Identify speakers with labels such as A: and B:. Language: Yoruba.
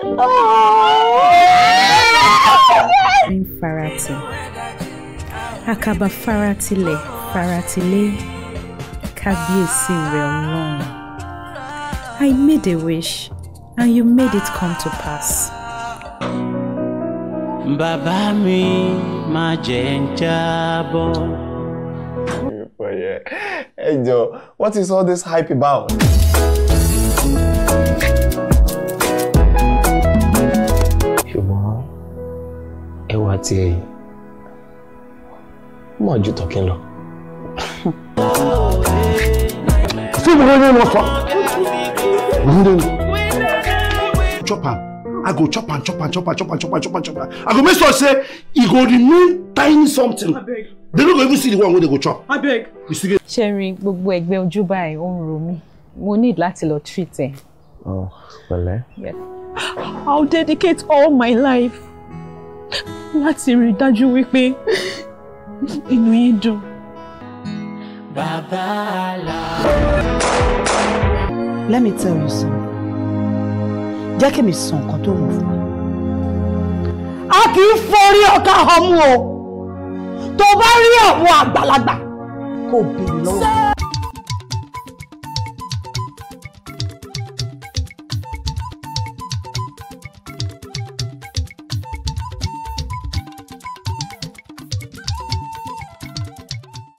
A: I'm farati àkàbà faratilẹ̀ faratilé kábíyèsí rẹ̀ ọlọ́run I made a wish and you made it come to pass. Baba mi máa jẹ́ ń jábọ́. ẹ what is all this hype about. àti ẹ̀yìn mọ̀ ju tọ́kín lọ. tí mo ní sọ chop am i go chop am chop am chop am chop am chop am chop am chop am i go make sure say e go remain tiny something they no go even see the one wey they go chop. ṣẹ́rin gbogbo ẹgbẹ́ ojú báyìí ó ń ro mí mo need láti lọ treat ẹ.
B: Oh, pẹ̀lẹ́.
A: Well, eh? yeah. I'll dedicate all my life láti rí dájú wípé inú yín dùn.
B: Bàbá
A: Let me tell you something. Jẹ́ kí mi sọ nǹkan tó wù fún mi. A kì í forí ọ̀ka ọmú o. Tó bá rí àwọn àgbàlagbà kò béèrè lọ́wọ́.